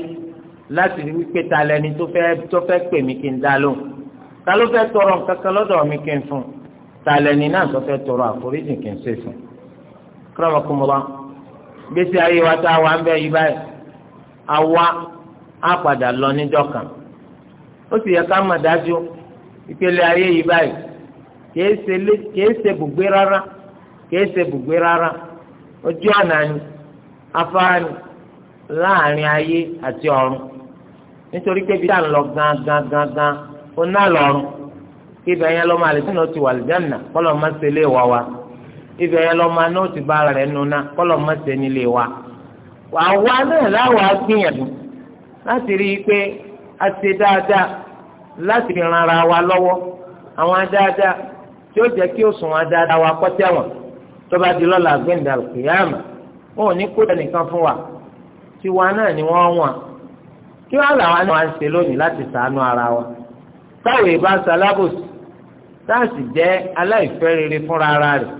láti rí wípé ta lẹni tó fẹ́ tó fẹ́ pè mí kí n dá lóhùn ta ló fẹ́ tọrọ nǹkan kan lọ́dọ̀ mi kí n fún ta lẹni náà tó fẹ́ tọrọ àforíjì kí n ṣe fún. kúrọ̀mọkùnmọ́lá gbèsè ayé wa tá a wà ń bẹ yìí báyìí a wá a padà lọ níjọ́ kan ó sì yẹ ká mọ̀ dájú ìpele ayé yìí báyìí kìí ṣe gbùgbé rárá kìí ṣe bùgbé rárá ojú ọ̀nà ni afárá láàrin ayé àti ọ̀run nítorí pé ibi tá à lọ gan gan gan gan ó ná lọ́run ibẹ̀ yẹn lọ́mọ àlùsínà ti wà lìjánà kọ́lọ́ máa ṣe lé wa wa ibẹ̀ yẹn lọ́mọ aná ti bá rẹ̀ nuna kọ́lọ́ máa ṣe nílé wa àwa náà láwa gbìyànjú láti rí a ṣe dáadáa láti ran ara wa lọ́wọ́ àwọn dáadáa tí ó jẹ́ kí wa kọ́ tọ́ba di lọ́la gbẹ̀ndà kìyàmù wọn ò ní kó ẹnìkan fún wa tiwa náà ni wọ́n wọ̀n kí wọ́n làwọn náà wá ń ṣe lónìí láti sàánú ara wa táwọn ìbá salábòsì táàsì jẹ́ aláìfẹ́ rere fúnra ara rẹ̀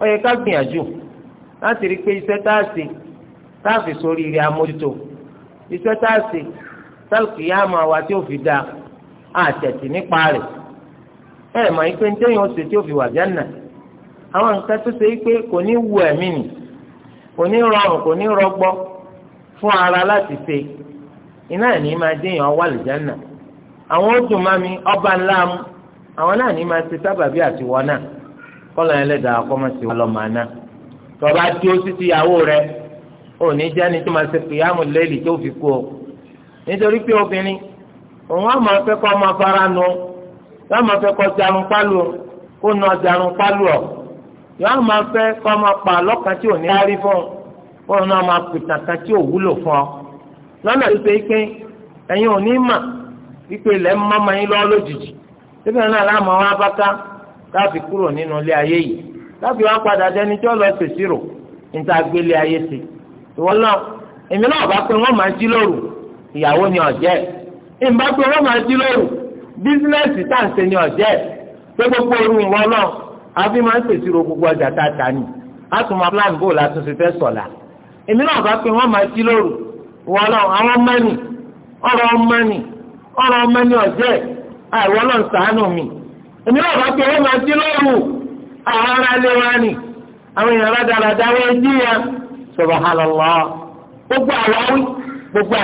ó yẹ ká gbìyànjú láti rí i pé iṣẹ́ táàsì táàfì sórí ire amójútó iṣẹ́ táàsì sálùkìyàmù àwa tí ó fi dáa àtẹ̀tì nípa rẹ̀ ẹ̀ mọ̀ ike ń tẹ́yìn oṣù tí ó fi wà jẹ́ náà àwọn nǹkan tó ṣe pé kò ní wu ẹ̀mí nì kò ní rọrùn kò ní rọgbọ fún ara láti ṣe iná ẹ̀ ní máa déèyàn wà lìjánà àwọn mami ọba ńlá mu àwọn náà ní máa ṣe sábàbí àtiwọ́ náà kọ́lọ̀ ẹlẹ́dàá kọ́mọ̀sí ọlọ́mọ àná tọba tí ó sì ti yàwó rẹ̀ ò ní jẹ́ni tó máa ṣe lẹ́lì tó fi kú o nítorí pé obìnrin òun á máa fẹ́ kọ́ ọmọ afárá nu máa fẹ́ kọ́ yóò máa fẹ́ kọ́ máa pa lọ́kàn tí ò ní rárí fún ọ kọ́ náà máa pìtàn kan tí ò wúlò fún ọ lọ́nà tó ṣe pé ẹ̀yin ò ní mà wípé ilẹ̀ ń mọ́mọ́ yín lọ́wọ́ lójijì síbẹ̀ náà láàmú wa bá ká káàfi kúrò nínú ilé ayé yìí káàfi wá padà dẹni tí ó lọ ṣèṣirò níta gbélé ayé sí ìwọ náà èmi náà bá pé máa jí lóru ìyàwó ni ìbá pé máa jí lóru bísínẹ́sì ni gbogbo ìwọ náà àfi máa ń pèsèrò gbogbo ọjà tá a tà ní àtúmọ̀ plan bó la tún ṣe fẹ́ sọ̀la èmi náà bá pé wọ́n máa ti lóru wọ́n lọ àwọn ọmọ nì ọ̀rọ̀ ọmọ ni ọ̀rọ̀ ọmọ nì ọ̀jẹ́ àìwọ́ náà sàánù mi èmi náà bá pé ya gbogbo àwáwí gbogbo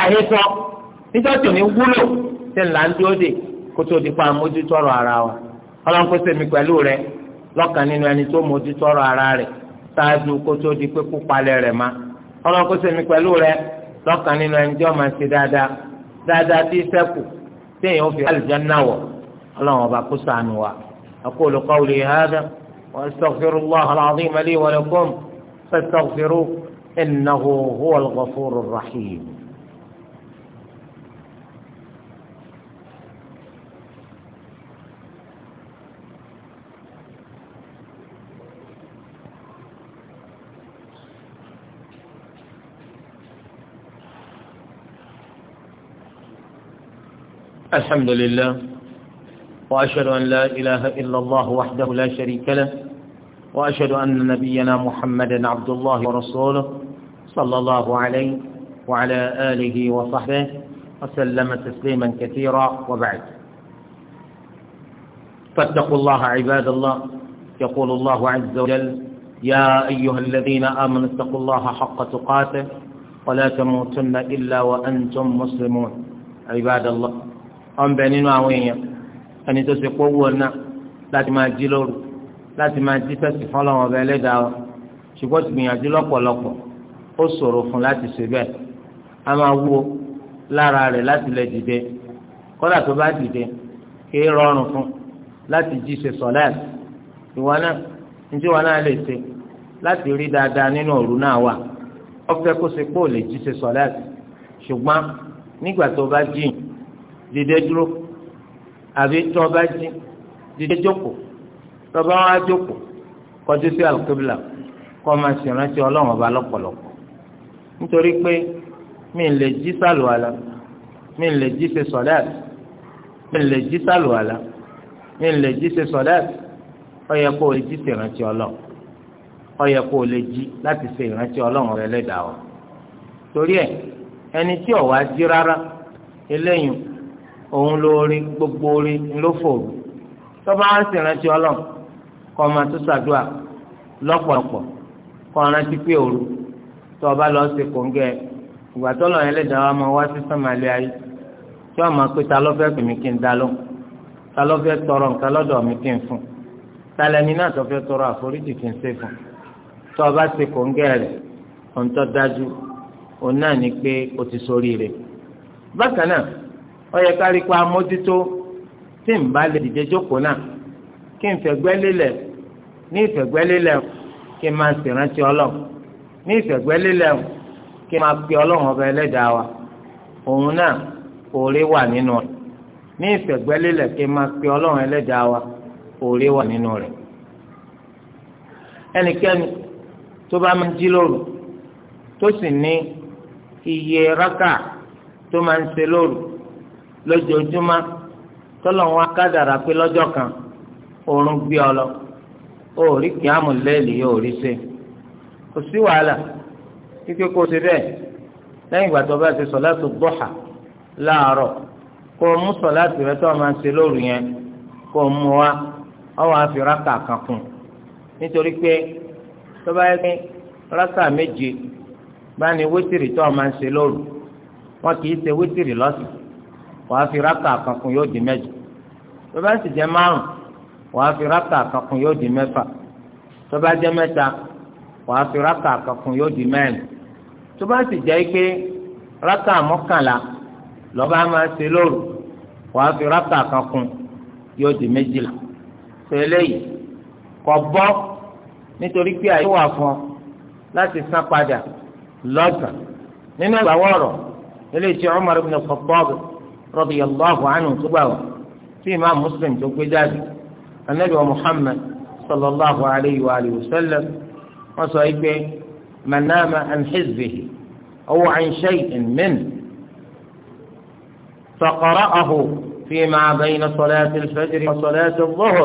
níjọ́ tó ní wúlò ṣe ń dúró dè kó tó di pa lọ́kàn nínú ẹni tó mójútó ọ̀rọ̀ ara rẹ̀ ṣáájú kó tó di pé kúpalẹ̀ rẹ̀ ma ọlọ́run kó sèmi pẹ̀lú rẹ̀ lọ́kàn nínú ẹni tí wọ́n máa ṣe dáadáa dáadáa tí sẹ́kù téèyàn fi àlùjánnà wọ̀ ọlọ́run ọba kó ṣàánú wa aqulu qawli hadha wa astaghfirullaha al-azima li wa lakum fastaghfiruhu innahu huwal الحمد لله وأشهد أن لا إله إلا الله وحده لا شريك له وأشهد أن نبينا محمدا عبد الله ورسوله صلى الله عليه وعلى آله وصحبه وسلم تسليما كثيرا وبعد فاتقوا الله عباد الله يقول الله عز وجل يا أيها الذين آمنوا اتقوا الله حق تقاته ولا تموتن إلا وأنتم مسلمون عباد الله ọ̀nbẹ nínú àwọn èèyàn ẹni tó ṣe pé owó ọ̀nà láti máa jí lóru láti máa jí fẹ́sì fọlọ́wọn ọbẹ̀ ẹlẹ́dàá ọ ṣùgbọ́n ti gbìyànjú lọ́pọ̀lọpọ̀ ó ṣòro fún láti ṣe bẹ́ẹ̀ a máa wúwo lára rẹ̀ láti lè dìde kódà tó bá dìde kì í rọrùn fún láti jí ṣe sọ̀lẹ́ẹ̀t ìwọ náà njẹ́ ìwọ náà lè ṣe láti rí dáadáa nínú òru náà wà ó fẹ́ kó ṣe pé ò lè jí ṣe sọ̀lẹ́ẹ̀t ṣùgbọ́n nígbà tó bá jíyìn dìde dúró àbí tó bá jí dìde jókòó tó bá wá jókòó kọjú sí àlùkébìlà kọ́ máa ṣèrántí ọlọ́run ọba lọ́pọ̀lọpọ̀ nítorí pé mi lè jí sàlùwàlà mi lè jí ṣe sọ̀dáàtì mi lè jí sàlùwàlà mi lè jí ṣe sọ̀dáàtì ó yẹ kó o lè jí ṣèrántí ọlọ́run ó kó o lè jí láti ṣe ìrántí ọlọ́run rẹ lẹ́dàá o torí ẹ ẹni tí ó wá jí rárá eléyìí òun lórí gbogbo orí ńlọfọrù tọba á sì rántí Ọlọ́run kọ máa tó ṣàdúrà lọ́pọ̀lọpọ̀ kọ rántí pé òru tọba lọ sí kòńgẹ́ ìgbà tọlọ yẹn lè dáwọ́ máa wá sí sàmàlẹ ayé tí wọn máa pé ta ló fẹ́ pè mí kí n dá lọ ta ló fẹ́ tọrọ nǹkan lọ́dọ̀ mi kí n fún talẹni náà tó tọrọ àforíjì kí n ṣe fún tọba sí kòńgẹ́ rẹ òun tó dájú òun náà ní pé o ti sórí rẹ bákan náà ó yẹ ká rí pa mójútó tí n bá lè dìde jókòó náà kí n fẹ̀gbẹ́ lélẹ̀ ní ìfẹ̀gbẹ́ lélẹ̀ kí n máa ṣèrántí ọlọ́run ní ìfẹ̀gbẹ́ lélẹ̀ kí n máa pe ọlọ́run ọba ẹlẹ́dàá wa òun náà òòrè wà nínú rẹ̀ ní ìfẹ̀gbẹ́ lélẹ̀ kí n máa pe ọlọ́run ẹlẹ́dàá wa òòrè wà nínú rẹ̀ ẹnikẹ́ni tó bá máa jí lóru tó sì ní iye rákà tó máa ń ṣe lóru lójoojúmọ́ tọ́lọ̀ wọn akádàrà pé lọ́jọ́ kan oorun gbé ọ lọ ó rí kíámù lẹ́ẹ̀lì yóò rí ṣe kò sí wàhálà kíkẹ́ kó ṣe bẹ́ẹ̀ lẹ́yìn ìgbà tó bá ti sọ láti bọ́hà láàárọ̀ kó o mú sọ láti rẹ tó o máa ṣe lóru yẹn kó o mú wa ọ wàá fi rákà kan kún nítorí pé tó bá yẹ rákà méje bá ní wítìrì tó o máa ṣe lóru wọn kì í ṣe wítìrì wàá fi rákà kan kún yóò di mẹ́jọ tó bá sì jẹ́ márùn wàá fi rata kan kún yóò di mẹ́fà tó bá jẹ́ mẹ́ta wàá fi rákà kan kún yóò di mẹ́rin tó bá sì jẹ́ pé rákà mọ́kànlá lọ́ba máa ṣe lóru wàá fi rákà kan kún yóò di méjìlá tó eléyìí kò bọ́ nítorí pé àyè wà fún ọ láti san padà lọ́sàn nínú ìgbà wọ̀rọ̀ eléyìí tí Umar ibn Khattab. radiyallahu anhu tó gbà wá tí imam muslim tó gbé jáde anabi wa muhammad sallallahu alayhi wa alihi wa sallam wọ́n sọ yìí pé man nama an hizbihi aw an shay'in min faqara'ahu fima bayna salati al-fajr wa salati al-dhuhr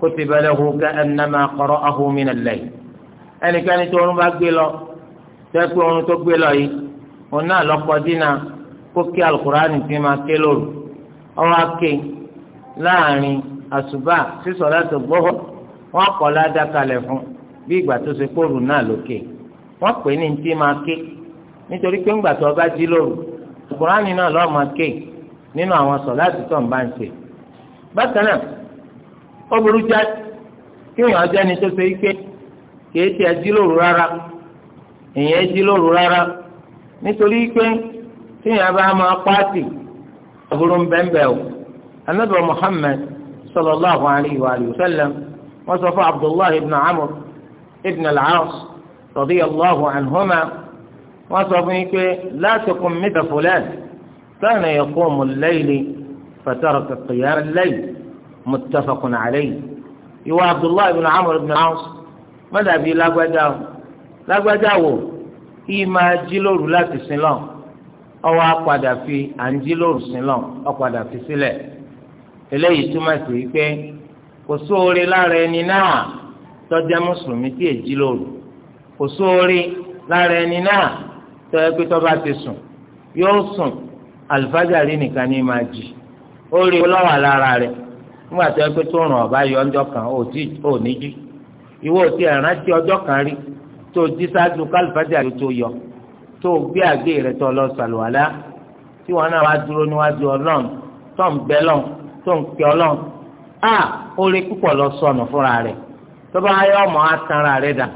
kutiba lahu ka'annama qara'ahu min al-layl ẹnikẹ́ni tó ń bá gbé lọ tẹ́kù ohun tó gbé lọ yìí òun náà lọ́kọ́ dínà kó kí alukurani tí ma ké lóru ọwọ́ ake láàrin àṣùbà sísọ láti gbọ́họ́ wọ́n kọ́ ládàkalẹ̀ fún bí ìgbà tó ṣe náà lókè wọ́n pè ní ma ké nítorí pé ńgbà tó bá jí lóru náà lọ́ọ́ àwọn sọ láti tọ̀ ń bá ń ṣe bákan náà ó burú já kí tó ṣe ike tíyẹn bá máa pàtì àbúrò ń bẹ́ńbẹ́ o anabi muhammed sallallahu alayhi wa sallam wọ́n sọ fún abdullahi ibn amr ibn al-aas radiyallahu anhuma wọ́n sọ fún yín pé la takun mithla fulan kana yaqumu al-layli fataraka qiyam al-layl muttafaqun alayhi ìwọ abdullahi ibn amr ibn al-aas mọ́dàbí lágbájá lágbájá wo ìmáa jí lóru láti sin ọwọ́ apàdà fi àǹjílòrò ọ̀padà fi sílẹ̀ eléyìí túmọ̀ sí pé kò sóore lára ẹni náà tọ́jà mùsùlùmí tí èjì kò sóore lára ẹni náà tọ́jà pé tọ́ba ti sùn yóò sùn àlùfájàrí nìkan ní máa jì ó rí olówà lára rẹ nígbà tó yẹ pé ọba yọ ọjọ́ kan ò ní jí ìwọ ẹ̀rántí ọjọ́ kan rí tó jí sáájú tó o gbé àgbé rẹ tó lọ sàlùwàlá tí wọn náà wá dúró níwájú tó ń bẹ tó a ó lè púpọ̀ lọ sọnù fúnra rẹ̀ tó bá ọmọ atanra rẹ̀ dànù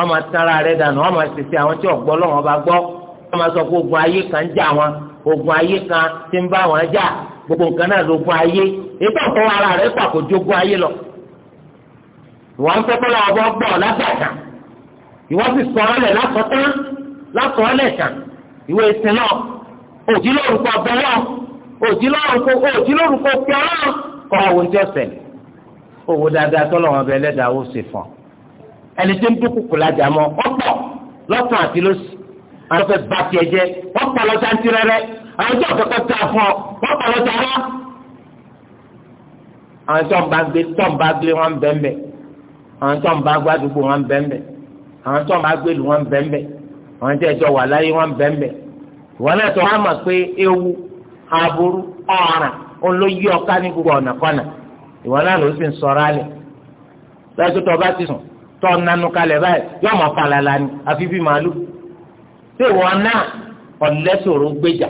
ọmọ atanra rẹ̀ dànù ọmọ àtẹ̀tẹ̀ àwọn tí ọ̀gbọ́ lọ́wọ́n bá sọ pé ogun ayé kan jà wọn ogun ayé kan ti ń bá gbogbo nǹkan náà ayé ara jogún ayé lọ ìwọ ń lọ́wọ́ látàkà ìwọ sì sọ lákọọ́lẹ̀ tán ìwé ìsìn náà òjì lórúkọ ọbẹ̀ náà òjì lórúkọ òjì lórúkọ ọbẹ̀ náà kọ́ owó tí ó ṣẹlẹ̀ owó dáadáa tọ́lọ̀ wọn bẹ lẹ́dàá ó ṣe fún ẹni tí ń dúkùkù lájà mọ́ ọ̀pọ̀ lọ́tọ̀ àti lọ́sì àwọn fẹ́ bá tiẹ̀ jẹ́ wọ́n pa lọ́tà ń tirẹ́rẹ́ àwọn tí ọ̀fẹ́ kọ́ ta fún ọ wọ́n pa lọ́tà rọ́ àwọn tí wọ́n bá gbé tí wọ́n bá gbé wọn bẹ́ẹ̀ bẹ́ẹ̀ àwọn tí wọ́n bá gbádùgbò wọn bẹ́ẹ̀ bẹ́ẹ̀ àwọn tí wọ́n bá gbé lù wọn bẹ́ẹ̀ bẹ́ẹ̀ àwọn tí ẹjọ́ wà láyé wọn bẹ́ẹ̀nbẹ́ ìwọ náà tó wá pé ewu aburú ọ̀ràn òun ló yí ọká ní gbogbo ọ̀nà kọ́nà ìwọ náà ló sì ń sọ̀rọ̀ alẹ̀ lọ́jọ́ tó bá ti sùn tó nánú kalẹ̀ báyìí yóò mọ̀ falala ni àfi bí màálù tí ìwọ náà ọ̀lẹ́sọ̀rọ̀ gbéjà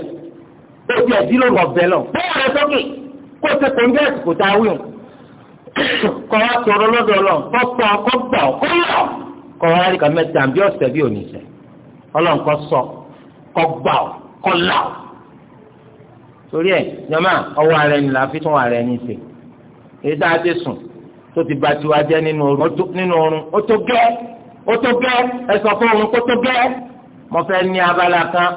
tó ti ẹ̀dí ló rọ̀ bẹ́ẹ̀ lọ bẹ́ẹ̀ rẹ sókè kó o ti kò ń jẹ́ àsìkò tá a wí kọ́ wa sọ̀rọ̀ lọ́dọ̀ lọ kọ́ pọ̀ kọ́ gbọ̀ kọ́ yọ̀ kọ́ wa rí kàmẹ́ta bí ọ̀sẹ̀ bí òní ọlọ́nkọ́ sọ kọ́ gbà ọ́ kọ́ là ọ́ torí ẹ̀ jọ́mọ́ ọwọ́ ara ẹni là á fi tún ara ẹni ṣe èyí tá a ti sùn tó ti ba tiwa jẹ́ nínú oorun ó tó gẹ́ ó tó gẹ́ ẹ sọ fún oorun kó tó gẹ́ mo fẹ́ ní abala kan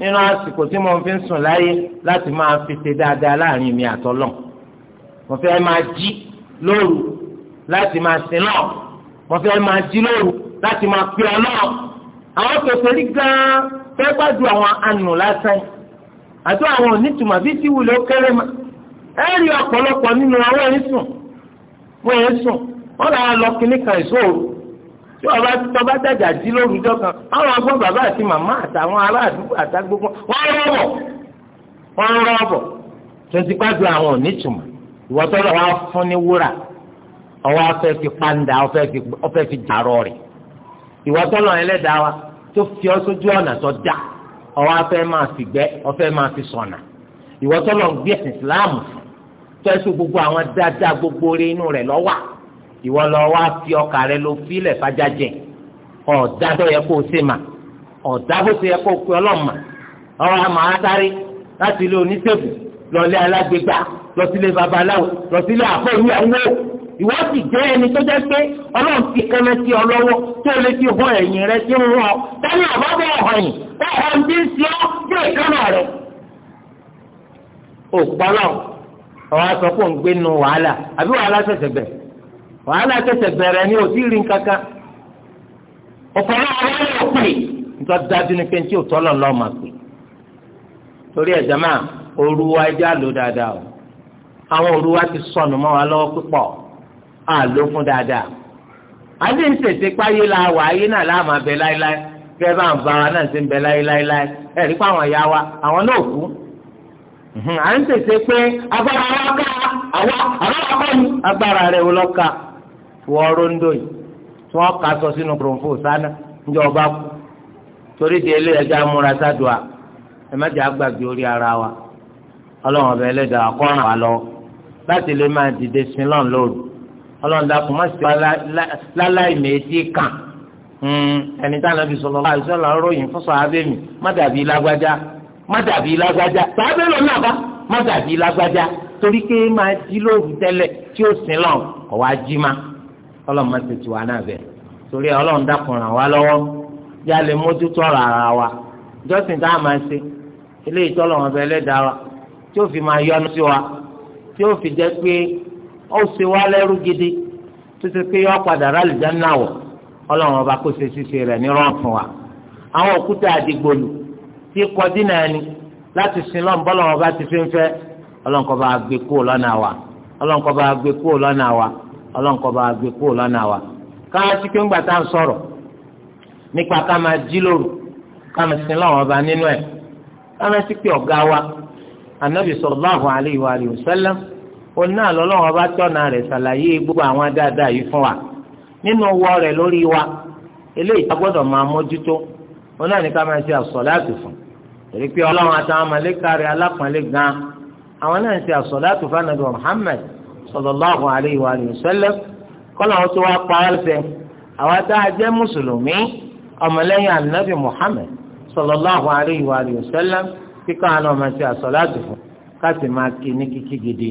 nínú àsìkò tí mo fi ń sùn láyé láti máa fi ṣe dáadáa láàrin mi àtọ́lọ̀ mo fẹ́ máa jí lóru láti máa sin náà mo fẹ́ máa jí lóru láti máa pè ọ́ náà. àwọn kèfèrí gan-an fẹ́ gbádùn àwọn anù lásán àti àwọn onítùmọ̀ bíi ti ma ẹ rí ọ̀pọ̀lọpọ̀ nínú àwọn ẹ̀rín sùn wọ́n yẹn sùn wọ́n làwọn lọ kíní kan ìṣòro tí wọ́n bá tọ́ba dàjà kan àwọn agbọ́n bàbá àti màmá àtàwọn ará àdúgbò àtàgbogbo wọ́n gbádùn àwọn onítùmọ̀ ìwọ́tọ́lọ́ fún ní ìwọ tọ́lọ̀ ẹlẹ́dàá wa tó fi ọ sójú ọ̀nà tó dá ọwọ́ afẹ́ máa fi gbẹ́ ọfẹ́ máa fi sọ̀nà ìwọ tọ́lọ̀ ń gbé ẹ̀sìn Islam fún tó ẹ̀sùn gbogbo àwọn dáadáa gbogbo rẹ inú rẹ lọ́wà ìwọ lọ wá fi ọkà rẹ ló filẹ̀ fàjájẹ ọ̀dá tó yẹ kó o ṣe mà ọ̀dá bó ṣe yẹ kó o pe ọlọ́mà ọ̀rọ̀ àmọ́ atari láti ilé oníṣègùn lọ ilé alágbègbà lọ ìwọ sì jẹ́ ẹni tó jẹ́ pé ọlọ́run fi kẹ́mẹ́ sí ọ lọ́wọ́ tó lè fi hàn rẹ sí ti ń sí ọ́ sí ìkánná rẹ̀. ò pọ́lọ́ ọ̀hún aṣọ kò gbé nu wàhálà àbí wàhálà bẹ̀ wàhálà ni ò torí ẹ̀ jama wa ẹja lò dáadáa o àwọn ti sọnù mọ́ wa lọ́wọ́ àlò fún dáadáa àti ń tètè páyé la wà ayé náà láàmú abẹ láéláé bẹ́ẹ̀ bá ń bá wa náà ti ń bẹ láéláé ẹ rí pa àwọn ìyá wa àwọn náà kú à ń tètè pé agbára wa ká àwa àwa kọ́ ni agbára yìí kà sọ sínú ọba torí di ara wa lọ láti lè máa dìde ọlọ́run dàkú má sí wa láláì méjì kàn hmm, ẹni tá ànábì sọlọ láì sọ là ń ròyìn fún sàábé mi má dàbí lágbájá má dàbí lágbájá sàábé lọ náà bá má dàbí lágbájá torí pé máa jí lóru tẹ́lẹ̀ tí ó sin lọ kọ̀ wá jí má ọlọ́run má tètè wá náà bẹ̀ torí ọlọ́run dàkú ràn wá lọ́wọ́ yá lè mójútó ọ̀rọ̀ ara wa jọ́sìn tá a máa ṣe eléyìí tọ́lọ̀ wọn bẹ lẹ́dàá wa tí ó fi máa yọ́nú sí wa tí ó fi jẹ́ pé ó sì wá lẹ́rú gidi títí pé yọ padà rálì jáná wọ̀ ọlọ́run ọba kó ṣe ṣíṣe rẹ̀ ní wa àwọn òkúta àdìgbòlù ọba ti fi ń fẹ́ ọlọ́run wa ọlọ́run kó lọ́nà wa lọ́nà wa káwọn kí ń gbà tá à ń sọ̀rọ̀ nípa ká máa jí lóru ká máa sin ọba nínú ẹ̀ ká máa ọ̀gá wa anabi wa òun náà lọ́lọ́wọ́n bá tọ́nà rẹ̀ ṣàlàyé gbogbo àwọn dáadáa yìí fún wa nínú wọ rẹ̀ lórí wa eléyìí tá a gbọ́dọ̀ máa mójútó òun náà ní ká máa ṣe àsọ̀láàtù fún torí pé ọlọ́run àtàwọn màlẹ́kà rẹ̀ alápọ̀nlé gan àwọn náà ń ṣe àsọ̀láàtù fanabi Muhammad sallallahu alayhi wa sallam kọ́lá wọn tó wá pa á àwọn tá a jẹ́ mùsùlùmí ọmọlẹ́yìn anabi Muhammad sallallahu alayhi wa sallam kíkọ́ àwọn ọmọ ṣe àsọ̀láàtù fún káàsì máa kí ní kíkí gidi.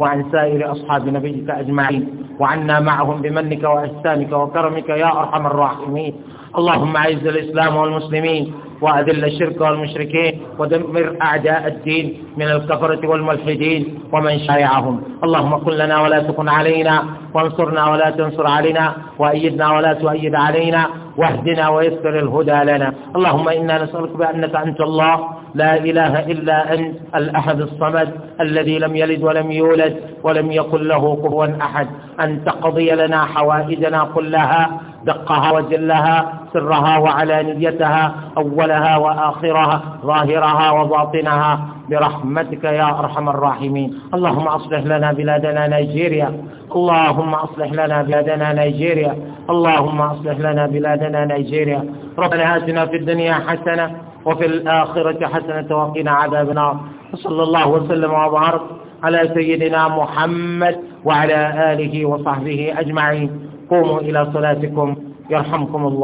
وعن سائر أصحاب نبيك أجمعين وعنا معهم بمنك وإحسانك وكرمك يا أرحم الراحمين اللهم أعز الإسلام والمسلمين وأذل الشرك والمشركين ودمر أعداء الدين من الكفرة والملحدين ومن شايعهم اللهم كن لنا ولا تكن علينا وانصرنا ولا تنصر علينا وأيدنا ولا تؤيد علينا واهدنا ويسر الهدى لنا اللهم إنا نسألك بأنك أنت الله لا إله إلا أنت الأحد الصمد الذي لم يلد ولم يولد ولم يكن له كفوا أحد أن تقضي لنا حوائجنا كلها دقها وجلها سرها وعلانيتها أولها وآخرها ظاهرها وباطنها برحمتك يا أرحم الراحمين اللهم أصلح لنا بلادنا نيجيريا اللهم أصلح لنا بلادنا نيجيريا اللهم أصلح لنا بلادنا نيجيريا ربنا آتنا في الدنيا حسنة وفي الآخرة حسنة وقنا عذاب النار وصلى الله وسلم وبارك على سيدنا محمد وعلى آله وصحبه أجمعين قوموا إلى صلاتكم يرحمكم الله